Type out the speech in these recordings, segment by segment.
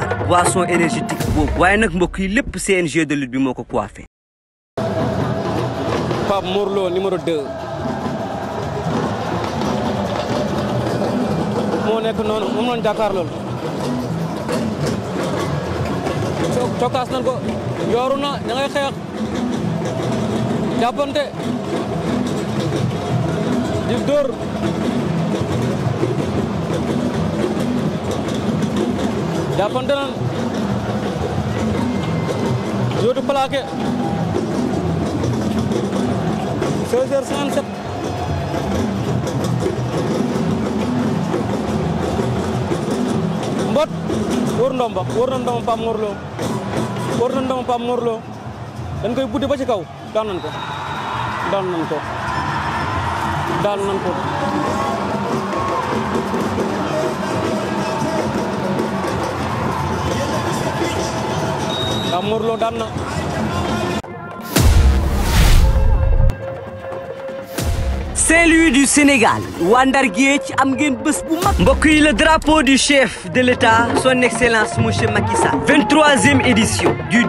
combat boisson énergétique boobu waaye nak mbok yi lepp CNG de lutte bi moko ko coiffé. Pape Morlo numéro 2. mo nek non mo non dakar lol tokas nan ko yoruna da ngay xex japonté di dor Japon'dan jeu de plaqué seize heures cinquante-sept mbot wër ndomba wër na ndomba Pape Ngor Lo wër na Dan Pape Ngor Lo dañ koy buddi Salut du Sénégal waa Ndar Géej am ngeen le drapeau du chef de l'État son excellence monsieur Makissa. 23e édition du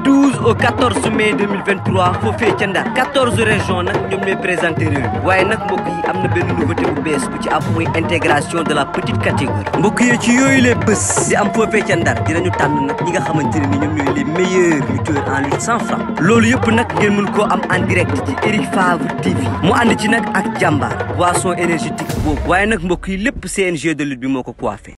au 14 mai 2023 foofee ca Ndar 14 régions nak ñom ñooy présenter réew waaye mbokk yi amna na nouveauté bu bees bu ci am intégration de la petite catégorie mbokk yi ci yooyu les bés di am foofee ca Ndar dinañu tànn nak ñi nga xamanteni ñom ni les meilleurs lutteurs en lutte sans frappe lolu yëpp nak ngeen mën am en direct ci Eric Favre TV mu and ci nak ak jamba boisson énergétique énergétiques. waaye nak mbokk yi lépp CNG de lutte bi moko ko